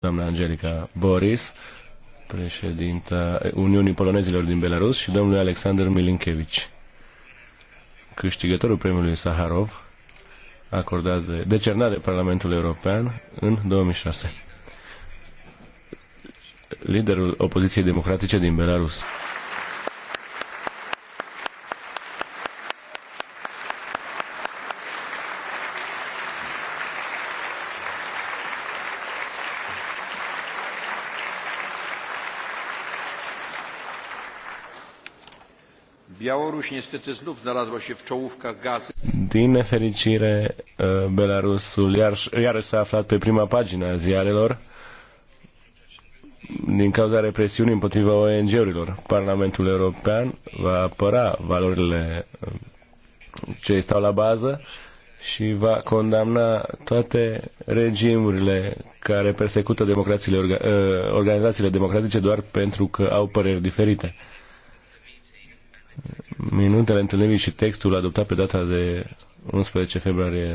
doamna Angelica Boris, președinta Uniunii Polonezilor din Belarus și domnul Alexander Milinkevici, câștigătorul premiului Saharov, acordat de, decernat de Parlamentul European în 2006. Liderul opoziției democratice din Belarus. Białoruś niestety znów znalazła się w czołówkach gazy. Din nefericire, Belarusul iar, iar s-a aflat pe prima pagină a ziarelor din cauza represiunii împotriva ONG-urilor. Parlamentul European va apăra valorile ce stau la bază și va condamna toate regimurile care persecută democrațiile, organizațiile democratice doar pentru că au păreri diferite minutele întâlnirii și textul adoptat pe data de 11 februarie